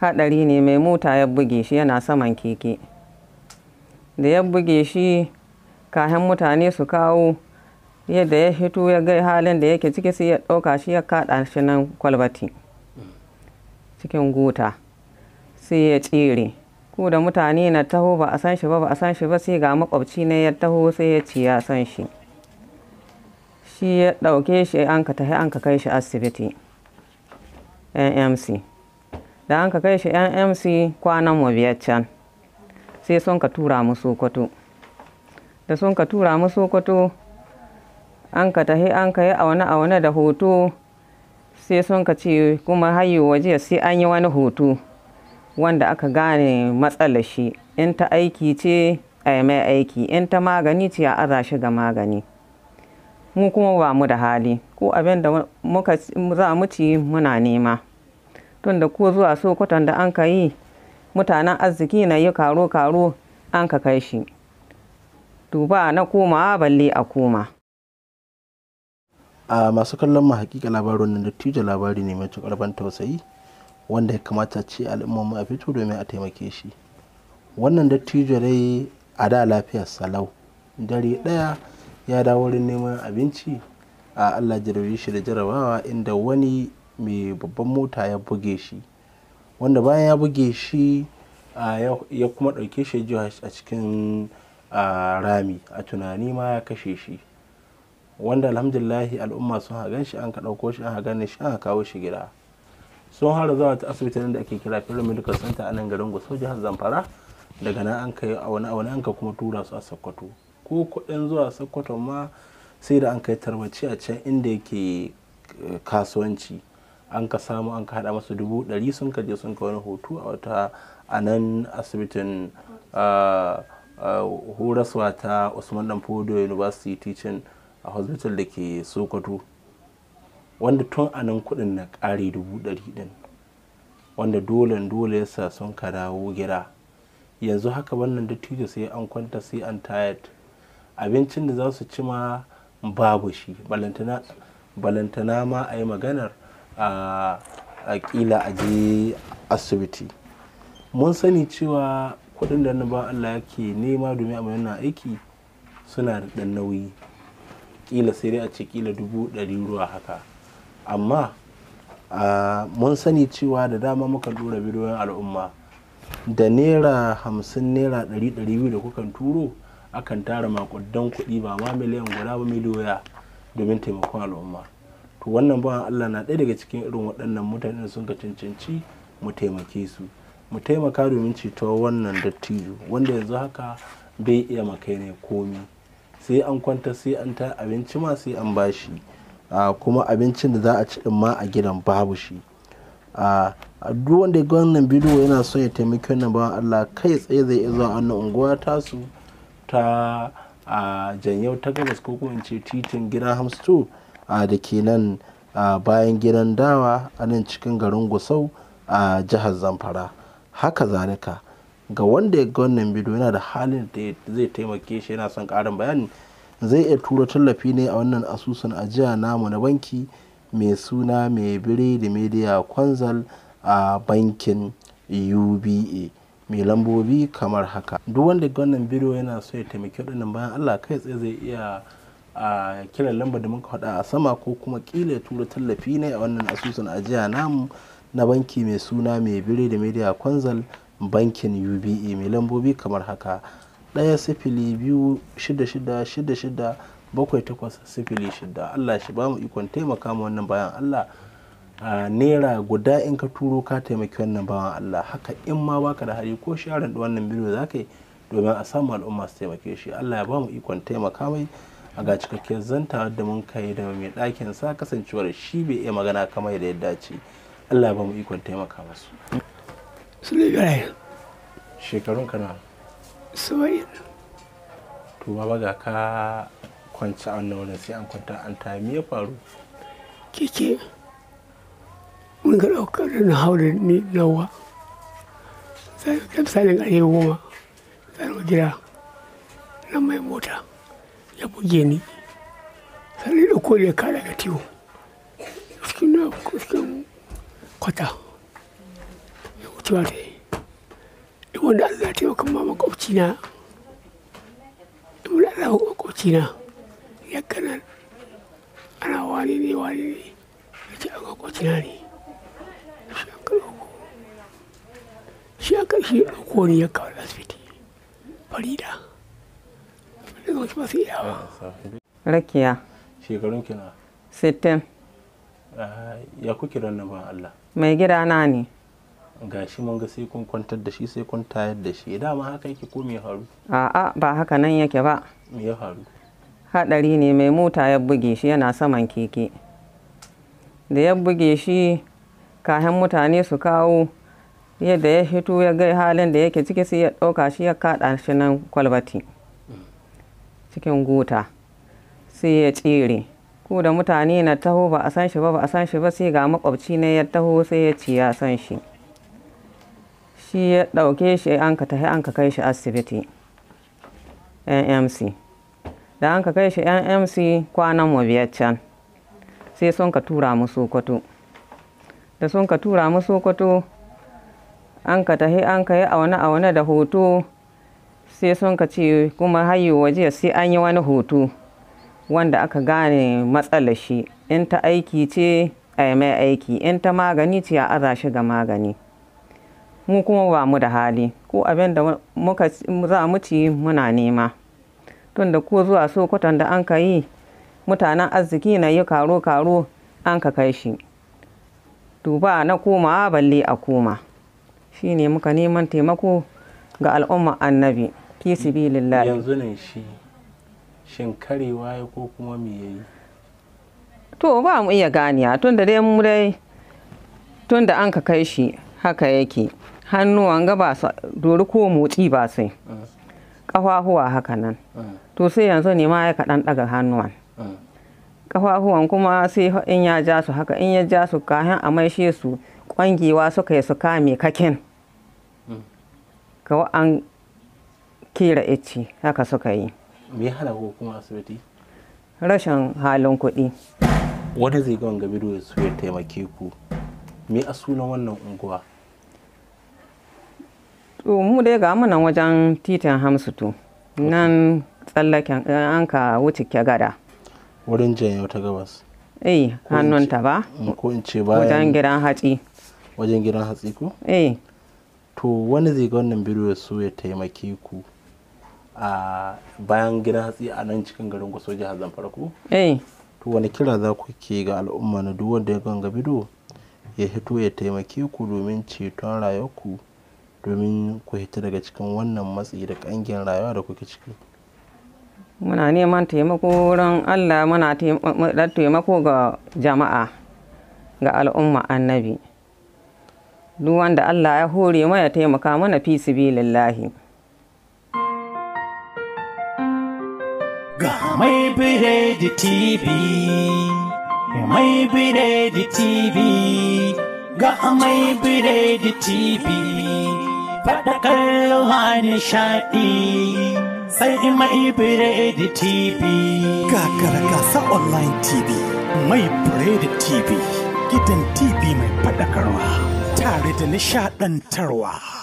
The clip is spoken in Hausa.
haɗari ne mai mota ya buge shi yana saman keke da ya buge shi kayan mutane su kawo yadda ya hito ya gai halin da yake ciki sai ya ɗauka shi ya kaɗa shi nan kwalbati cikin gota sai ya tsere ko da mutane na taho ba a san shi ba ba a san shi ba sai ga makwabci ne ya taho sai ya ci ya san shi shi ya ɗauke shi an ka tafi an ka kai shi asibiti nmc da an ka kai shi nmc kwanan mu biyar can sai sun ka tura mu sokoto da sun ka tura mu sokoto an ka tahi an ka yi aune aune da hoto sai sun ka ce kuma hayo waje sai an yi wani hoto wanda aka gane matsalar shi in ta aiki ce a mai aiki in ta magani ce a aza shi ga magani mu kuma ba mu da hali ko abin da muka za mu ci muna nema da ko zuwa sokoton da an ka yi mutanen arziki na yi karo-karo an ka kai shi duba na komawa balle a koma a masu kallon mu hakika labarin nan dattijo labari ne mai ban tausayi wanda ya kamata ce al'ummarmu a fito domin a taimake shi wannan dattijo dai a da lafiyar salau dare daya ya dawo wurin neman abinci a allah jirage shi da jarabawa inda wani mai babban mota ya buge shi wanda bayan ya buge shi ya kuma ɗauke shi jiwa a cikin rami a tunani ma ya kashe shi wanda alhamdulillahi al'umma sun hagan shi an ka ɗauko shi an hagan shi an kawo shi gida sun hara zuwa ta asibitin da ake kira Federal Medical Center a nan garin Gusau jihar Zamfara daga nan an kai a wani an ka kuma tura su a Sokoto ko kuɗin zuwa Sokoto ma sai da an kai tarbaci a can inda yake eh, kasuwanci an ka samu an ka hada masu dubu ɗari sun ka je sun ka wani hoto a wata a nan asibitin horaswa ta usman dan fodo university teaching a hospital da ke sokoto wanda tun a nan kudin na kare dubu ɗari din wanda dole dole ya sa sun ka dawo gida. yanzu haka wannan dattijo sai an kwanta sai an tayar abincin da za su ci babu shi balantana ma a yi maganar a kila a je asibiti mun sani cewa kudin da na ba Allah yake nema domin a yana aiki suna da dan nauyi kila sai dai a ce kila dubu ɗari ruwa haka amma mun sani cewa da dama muka dora bidiyon al'umma da naira hamsin naira ɗari ɗari biyu da kukan turo akan tara makudan kuɗi ba ma miliyan guda ba miliyoya domin taimakon al'umma to wannan bawan allah na ɗaya daga cikin irin waɗannan mutane da sun ka cancanci mu taimake su mu taimaka domin ceto wannan dattijo wanda yanzu haka bai iya makai ne komi sai an kwanta sai an ta abinci ma sai an bashi kuma abincin da za a ci ma a gidan babu shi a duk wanda ya ga wannan bidiyo yana son ya taimaki wannan bawan allah kai tsaye zai iya zuwa annan unguwa tasu ta a janyau ta gabas ko kuma in ce titin gidan hamstow. a da ke nan a bayan gidan dawa a nan cikin garin Gusau a jihar Zamfara. Haka zalika ga wanda ya ga wannan bidiyo yana da halin da zai taimake shi yana son karin bayani zai iya tura tallafi ne a wannan asusun ajiya namu na banki mai suna mai biredi media kwanzal a bankin uba mai lambobi kamar haka duk wanda ga wannan bidiyo yana so ya taimaki waɗannan bayan allah kai tsaye zai iya a kiran lamba da muka faɗa a sama ko kuma kila tura tallafi ne a wannan asusun ajiya namu na banki mai suna mai bire da media kwanzal bankin uba e. mai lambobi kamar haka ɗaya sifili biyu shida shida shida shida bakwai takwas sifili shida allah shi ba mu ikon taimaka mu wannan bayan allah a naira guda in ka turo ka taimaki wannan bayan allah haka in ma baka da hari ko sharan da wannan bidiyo za ka yi domin a samu al'umma su taimake shi allah ya ba mu ikon taimaka mai a ga cikakken zanta da mun kai da mai ɗakin sa kasancewar shi bai iya magana kamar yadda ya dace Allah ya ba mu ikon taimaka masu. Sule Ibrahim. Shekarun kana? Saba'in. To baba ga ka kwanci a wannan wani sai an kwanta an ta ya faru? Kike mun ga ɗaukar da na haure ni nawa. Sai ka misalin ƙarfe goma. Zan jira nan mai mota. ya buge ni sai da ɗauko da ka daga tiyo cikin na cikin kwata ya wucewa ta yi wanda Allah ya taimaka ma makwabci na wanda Allah ya makwabci na ya gana ana wani ne wani ne ya ce a makwabci na ne shi an kawo shi an kawo shi ya ɗauko ni ya kawo rakiya shekarun kina sittin ya kuke Allah mai gida na ne gashi mun ga sai kun kwantar da shi sai kun tayar da shi dama haka yake ko me haru a'a ba haka nan yake ba me ya haru Haɗari ne mai mota ya buge shi yana saman keke da ya buge shi kayan mutane su kawo yadda ya hito ya gai halin da yake ciki sai ya ɗauka shi ya kaɗa shi nan kwalbati cikin gota sai ya tsere ku da mutane na taho ba a san shi ba ba a san shi ba sai ga makwabci ne ya taho sai ya ci ya san shi shi ya dauke shi an ka tahi an ka kai shi asibiti nmc da an ka kai shi nmc kwanan mu biyar can sai sun ka tura mu sokoto da sun ka tura mu sokoto an ka tahi an ka yi auna auna da hoto sai sun ka ce kuma hayo waje sai an yi wani hoto wanda aka gane matsalar shi in ta aiki ce a mai aiki in ta magani ce a aza shi ga magani mu kuma ba mu da hali ko abin da muka za mu ci muna nema tunda ko zuwa sokoton da an ka yi mutanen arziki na yi karo-karo an ka kai shi duba na koma balle a koma shi ne muka neman taimako ga al'ummar annabi fi sabilillah yanzu nan shi shin karewa ya ko kuma me yayi to ba mu iya ganiya tun da dai mu dai tun da an ka kai shi haka yake hannuwan ga ba dori ko motsi ba sai mm. ƙafafuwa haka nan mm. to sai yanzu ne ma ya kaɗan ɗaga hannuwan mm. ƙafafuwan kuma sai in ya ja su haka in ya ja su kayan a maishe su ƙwangewa suka yi su kame kakin ga an kira ici haka suka yi me hana ko kuma asibiti rashin halin kuɗi wani zai ga wanga bidiyo su ya taimake ku me a sunan wannan unguwa to mu dai ga munan wajen titin hamsutu nan tsallaken eh, an ka wuce ke gada wurin janya ta gabas eh hannunta ba mm, ko in ce bayan wajen gidan hatsi wajen gidan hatsi ko eh to wani zai ga wannan bidiyo su ya taimake ku a bayan gidan hatsi a nan cikin garin ku soja zamfara ku. Eh. to wani kira za ku ke ga al'umma na duk wanda ya ganga bido ya hito ya taimake ku domin ceton rayuwarku domin ku hita daga cikin wannan matsi da kangin rayuwa da kuke ciki muna neman taimako ran allah muna taimako ga jama'a ga al'umma annabi duk wanda allah ya hore ya taimaka mana fi sibilillahi mai biredi tv mai biredi tv ga mai biredi tv faɗa kalluwa nishaɗi sai mai biredi tv kakara gasa online tv mai biredi tv gidan tv mai faɗakarwa tare da nishaɗantarwa